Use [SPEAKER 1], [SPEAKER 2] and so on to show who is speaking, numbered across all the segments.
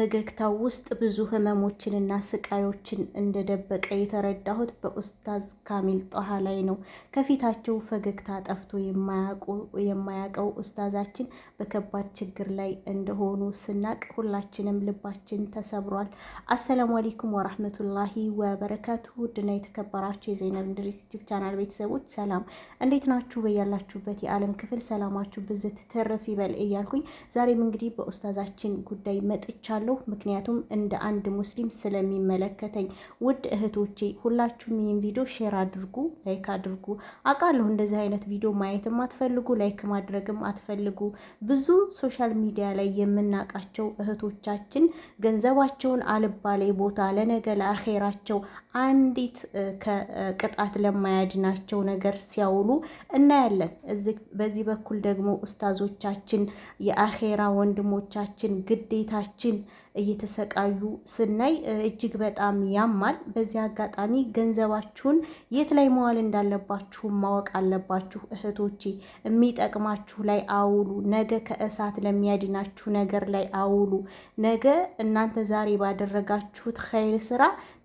[SPEAKER 1] ፈገግታው ውስጥ ብዙ ህመሞችንና ስቃዮችን እንደደበቀ የተረዳሁት በኡስታዝ ካሚል ጠሃ ላይ ነው። ከፊታቸው ፈገግታ ጠፍቶ የማያውቀው ኡስታዛችን በከባድ ችግር ላይ እንደሆኑ ስናቅ ሁላችንም ልባችን ተሰብሯል። አሰላሙ አሌይኩም ወራህመቱላሂ ወበረካቱ። ውድና የተከበራችሁ የዘይነብ እንድሪስ ዩቲዩብ ቻናል ቤተሰቦች ሰላም፣ እንዴት ናችሁ? በያላችሁበት የዓለም ክፍል ሰላማችሁ ብዝት ትርፍ ይበል እያልኩኝ ዛሬም እንግዲህ በኡስታዛችን ጉዳይ መጥቻለሁ። እላለሁ። ምክንያቱም እንደ አንድ ሙስሊም ስለሚመለከተኝ። ውድ እህቶቼ ሁላችሁም ይህን ቪዲዮ ሼር አድርጉ፣ ላይክ አድርጉ። አውቃለሁ እንደዚህ አይነት ቪዲዮ ማየትም አትፈልጉ፣ ላይክ ማድረግም አትፈልጉ። ብዙ ሶሻል ሚዲያ ላይ የምናውቃቸው እህቶቻችን ገንዘባቸውን አልባሌ ቦታ ለነገ ለአኼራቸው አንዲት ከቅጣት ለማያድናቸው ነገር ሲያውሉ እናያለን። በዚህ በኩል ደግሞ ኡስታዞቻችን የአኼራ ወንድሞቻችን ግዴታችን እየተሰቃዩ ስናይ እጅግ በጣም ያማል። በዚህ አጋጣሚ ገንዘባችሁን የት ላይ መዋል እንዳለባችሁ ማወቅ አለባችሁ እህቶቼ። የሚጠቅማችሁ ላይ አውሉ፣ ነገ ከእሳት ለሚያድናችሁ ነገር ላይ አውሉ። ነገ እናንተ ዛሬ ባደረጋችሁት ኸይር ስራ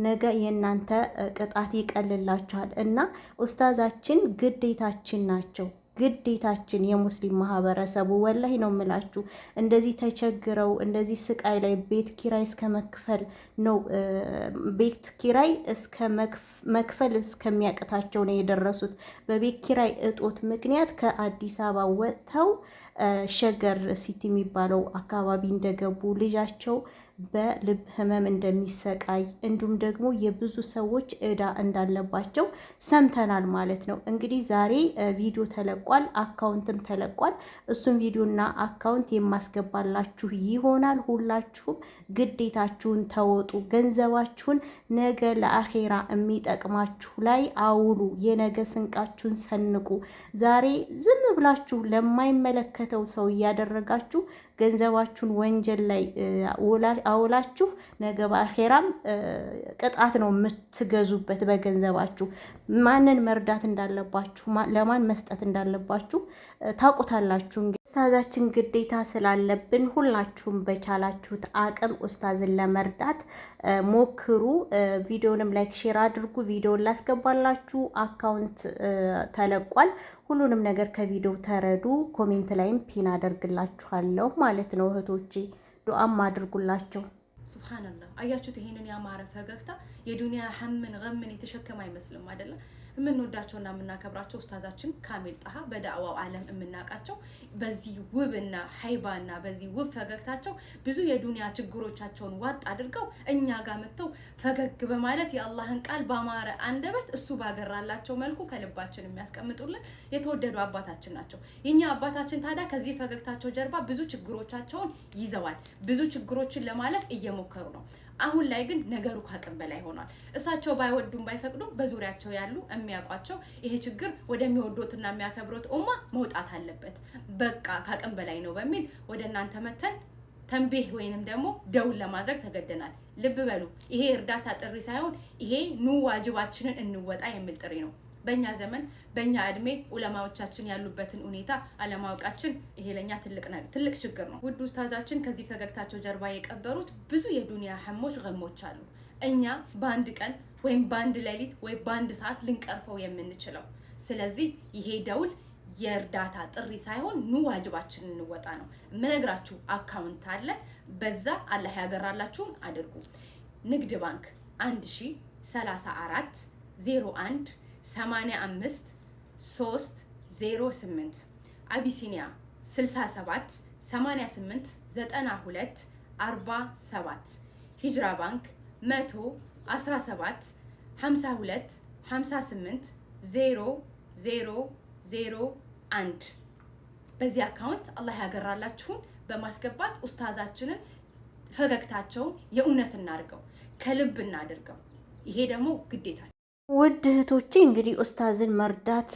[SPEAKER 1] ነገ የእናንተ ቅጣት ይቀልላችኋል እና ኡስታዛችን ግዴታችን ናቸው። ግዴታችን የሙስሊም ማህበረሰቡ ወላሂ ነው የምላችሁ። እንደዚህ ተቸግረው እንደዚህ ስቃይ ላይ ቤት ኪራይ እስከ መክፈል ነው ቤት ኪራይ እስከ መክፈል እስከሚያቅታቸው ነው የደረሱት። በቤት ኪራይ እጦት ምክንያት ከአዲስ አበባ ወጥተው ሸገር ሲቲ የሚባለው አካባቢ እንደገቡ ልጃቸው በልብ ህመም እንደሚሰቃይ እንዲሁም ደግሞ የብዙ ሰዎች እዳ እንዳለባቸው ሰምተናል ማለት ነው። እንግዲህ ዛሬ ቪዲዮ ተለቋል፣ አካውንትም ተለቋል። እሱም ቪዲዮና አካውንት የማስገባላችሁ ይሆናል። ሁላችሁም ግዴታችሁን ተወጡ። ገንዘባችሁን ነገ ለአኼራ የሚጠቅማችሁ ላይ አውሉ። የነገ ስንቃችሁን ሰንቁ። ዛሬ ዝም ብላችሁ ለማይመለከተው ሰው እያደረጋችሁ ገንዘባችሁን ወንጀል ላይ አውላችሁ ነገ በአኼራም ቅጣት ነው የምትገዙበት። በገንዘባችሁ ማንን መርዳት እንዳለባችሁ፣ ለማን መስጠት እንዳለባችሁ ታውቁታላችሁ። ኡስታዛችን ግዴታ ስላለብን ሁላችሁም በቻላችሁት አቅም ኡስታዝን ለመርዳት ሞክሩ። ቪዲዮንም ላይክ፣ ሼር አድርጉ። ቪዲዮን ላስገባላችሁ አካውንት ተለቋል። ሁሉንም ነገር ከቪዲዮው ተረዱ። ኮሜንት ላይም ፒን አደርግላችኋለሁ ማለት ነው እህቶቼ፣ ዱአም አድርጉላቸው።
[SPEAKER 2] ሱብሃነላህ አያችሁት? ይሄንን ያማረ ፈገግታ የዱንያ ሐምን ገምን የተሸከመ አይመስልም አይደለም? የምንወዳቸውና የምናከብራቸው ኡስታዛችን ካሚል ጣሃ በዳዕዋው ዓለም የምናውቃቸው በዚህ ውብና ሀይባና በዚህ ውብ ፈገግታቸው ብዙ የዱንያ ችግሮቻቸውን ዋጥ አድርገው እኛ ጋር መጥተው ፈገግ በማለት የአላህን ቃል በአማረ አንደበት እሱ ባገራላቸው መልኩ ከልባችን የሚያስቀምጡልን የተወደዱ አባታችን ናቸው። የኛ አባታችን ታዲያ ከዚህ ፈገግታቸው ጀርባ ብዙ ችግሮቻቸውን ይዘዋል። ብዙ ችግሮችን ለማለፍ እየሞከሩ ነው። አሁን ላይ ግን ነገሩ ካቅም በላይ ሆኗል። እሳቸው ባይወዱም ባይፈቅዱም በዙሪያቸው ያሉ የሚያውቋቸው ይሄ ችግር ወደሚወዶትና የሚያከብሩት ኡማ መውጣት አለበት፣ በቃ ካቅም በላይ ነው በሚል ወደ እናንተ መተን ተንቤህ ወይንም ደግሞ ደውን ለማድረግ ተገደናል። ልብ በሉ፣ ይሄ እርዳታ ጥሪ ሳይሆን ይሄ ኑ ዋጅባችንን እንወጣ የሚል ጥሪ ነው። በእኛ ዘመን በእኛ እድሜ ዑለማዎቻችን ያሉበትን ሁኔታ አለማወቃችን ይሄ ለእኛ ትልቅ ችግር ነው። ውድ ውስታዛችን ከዚህ ፈገግታቸው ጀርባ የቀበሩት ብዙ የዱንያ ሐሞች ገሞች አሉ። እኛ በአንድ ቀን ወይም በአንድ ሌሊት ወይም በአንድ ሰዓት ልንቀርፈው የምንችለው ስለዚህ ይሄ ደውል የእርዳታ ጥሪ ሳይሆን ኑ ዋጅባችን እንወጣ ነው የምነግራችሁ። አካውንት አለ፣ በዛ አላህ ያገራላችሁን አድርጉ። ንግድ ባንክ 1 34 01 85 3 08 አቢሲኒያ 67 88 92 47 ሂጅራ ባንክ 100 52 58 0 0 0 1 በዚህ አካውንት አላህ ያገራላችሁን በማስገባት ኡስታዛችንን ፈገግታቸውን የእውነት እናድርገው፣ ከልብ እናድርገው። ይሄ ደግሞ ግዴታ ።
[SPEAKER 1] ውድ እህቶቼ እንግዲህ ኡስታዝን መርዳት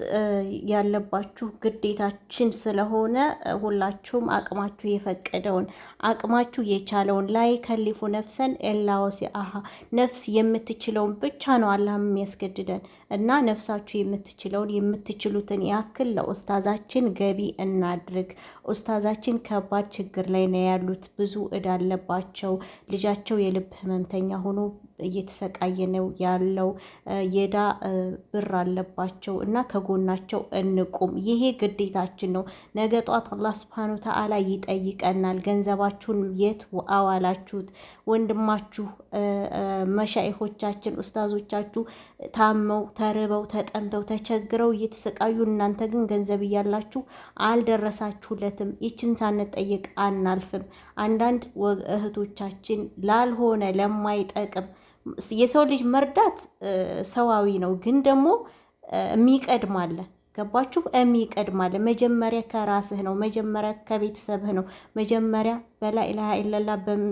[SPEAKER 1] ያለባችሁ ግዴታችን ስለሆነ ሁላችሁም አቅማችሁ የፈቀደውን አቅማችሁ የቻለውን ላይ ከሊፉ ነፍሰን ኤላወሲ አሃ ነፍስ የምትችለውን ብቻ ነው አላህ የሚያስገድደን እና ነፍሳችሁ የምትችለውን የምትችሉትን ያክል ለኡስታዛችን ገቢ እናድርግ። ኡስታዛችን ከባድ ችግር ላይ ነው ያሉት። ብዙ እዳ አለባቸው። ልጃቸው የልብ ህመምተኛ ሆኖ እየተሰቃየ ነው ያለው። የዳ ብር አለባቸው እና ከጎናቸው እንቁም። ይሄ ግዴታችን ነው። ነገ ጧት አላህ ስብሐኑ ተዓላ ይጠይቀናል። ገንዘባችሁን የት አዋላችሁት? ወንድማችሁ፣ መሻይሆቻችን፣ ኡስታዞቻችሁ ታመው ተርበው ተጠምተው ተቸግረው እየተሰቃዩ እናንተ ግን ገንዘብ እያላችሁ አልደረሳችሁለትም። ይችን ሳንጠይቅ አናልፍም። አንዳንድ እህቶቻችን ላልሆነ ለማይጠቅም የሰው ልጅ መርዳት ሰዋዊ ነው፣ ግን ደግሞ የሚቀድማለ ገባችሁ? የሚቀድማለ መጀመሪያ ከራስህ ነው፣ መጀመሪያ ከቤተሰብህ ነው፣ መጀመሪያ በላኢላሃ ኢለላ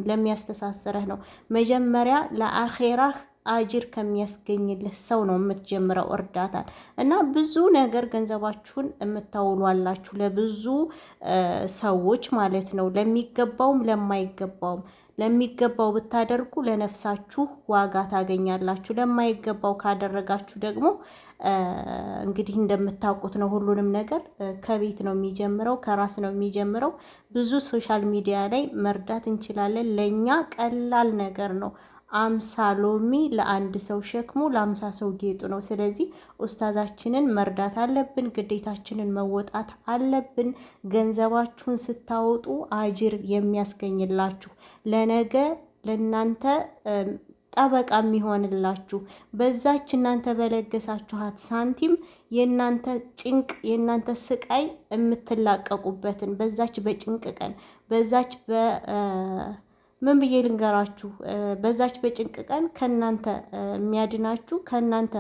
[SPEAKER 1] ለሚያስተሳስረህ ነው፣ መጀመሪያ ለአኼራህ አጅር ከሚያስገኝልህ ሰው ነው የምትጀምረው እርዳታን እና ብዙ ነገር ገንዘባችሁን የምታውሏላችሁ ለብዙ ሰዎች ማለት ነው፣ ለሚገባውም ለማይገባውም ለሚገባው ብታደርጉ ለነፍሳችሁ ዋጋ ታገኛላችሁ። ለማይገባው ካደረጋችሁ ደግሞ እንግዲህ እንደምታውቁት ነው። ሁሉንም ነገር ከቤት ነው የሚጀምረው፣ ከራስ ነው የሚጀምረው። ብዙ ሶሻል ሚዲያ ላይ መርዳት እንችላለን። ለእኛ ቀላል ነገር ነው። አምሳ ሎሚ ለአንድ ሰው ሸክሙ ለአምሳ ሰው ጌጡ ነው። ስለዚህ ኡስታዛችንን መርዳት አለብን፣ ግዴታችንን መወጣት አለብን። ገንዘባችሁን ስታወጡ አጅር የሚያስገኝላችሁ ለነገ ለእናንተ ጠበቃ የሚሆንላችሁ በዛች እናንተ በለገሳችኋት ሳንቲም የእናንተ ጭንቅ የእናንተ ስቃይ የምትላቀቁበትን በዛች በጭንቅ ቀን በዛች በ ምን ብዬ ልንገራችሁ፣ በዛች በጭንቅ ቀን ከእናንተ የሚያድናችሁ ከእናንተ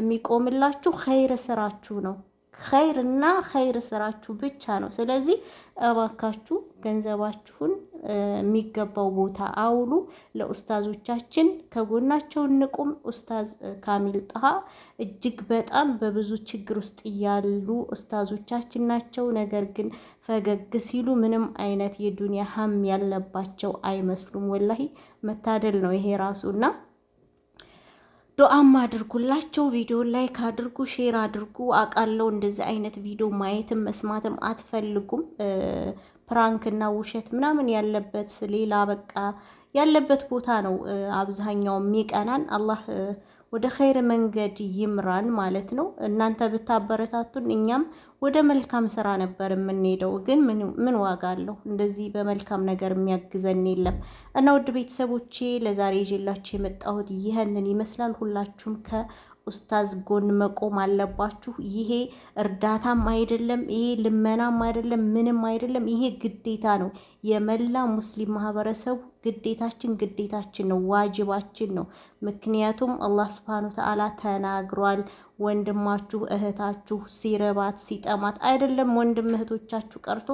[SPEAKER 1] የሚቆምላችሁ ኸይር ስራችሁ ነው። ኸይር እና ኸይር ስራችሁ ብቻ ነው። ስለዚህ እባካችሁ ገንዘባችሁን የሚገባው ቦታ አውሉ። ለኡስታዞቻችን ከጎናቸው እንቁም። ኡስታዝ ካሚል ጣሃ እጅግ በጣም በብዙ ችግር ውስጥ ያሉ ኡስታዞቻችን ናቸው። ነገር ግን ፈገግ ሲሉ ምንም አይነት የዱንያ ሀም ያለባቸው አይመስሉም። ወላሂ መታደል ነው ይሄ ራሱና ዶአም አድርጉላቸው። ቪዲዮ ላይክ አድርጉ፣ ሼር አድርጉ። አቃለው እንደዚህ አይነት ቪዲዮ ማየትም መስማትም አትፈልጉም። ፕራንክና ውሸት ምናምን ያለበት ሌላ በቃ ያለበት ቦታ ነው አብዛኛው የሚቀናን አላህ ወደ ኸይር መንገድ ይምራን ማለት ነው። እናንተ ብታበረታቱን እኛም ወደ መልካም ስራ ነበር የምንሄደው፣ ግን ምን ዋጋ አለው? እንደዚህ በመልካም ነገር የሚያግዘን የለም። እና ውድ ቤተሰቦቼ ለዛሬ ይዤላችሁ የመጣሁት ይህንን ይመስላል። ሁላችሁም ከ ኡስታዝ ጎን መቆም አለባችሁ። ይሄ እርዳታም አይደለም፣ ይሄ ልመናም አይደለም፣ ምንም አይደለም። ይሄ ግዴታ ነው። የመላ ሙስሊም ማህበረሰቡ ግዴታችን ግዴታችን ነው፣ ዋጅባችን ነው። ምክንያቱም አላህ ስብሃነ ወተዓላ ተናግሯል። ወንድማችሁ እህታችሁ ሲረባት ሲጠማት አይደለም ወንድም እህቶቻችሁ ቀርቶ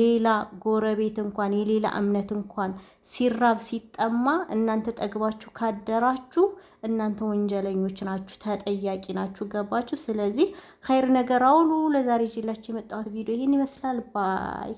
[SPEAKER 1] ሌላ ጎረቤት እንኳን የሌላ እምነት እንኳን ሲራብ ሲጠማ እናንተ ጠግባችሁ ካደራችሁ እናንተ ወንጀለኞች ናችሁ፣ ተጠያቂ ናችሁ። ገባችሁ? ስለዚህ ኸይር ነገር አውሉ። ለዛሬ ይዤላችሁ የመጣሁት ቪዲዮ ይህን ይመስላል። ባይ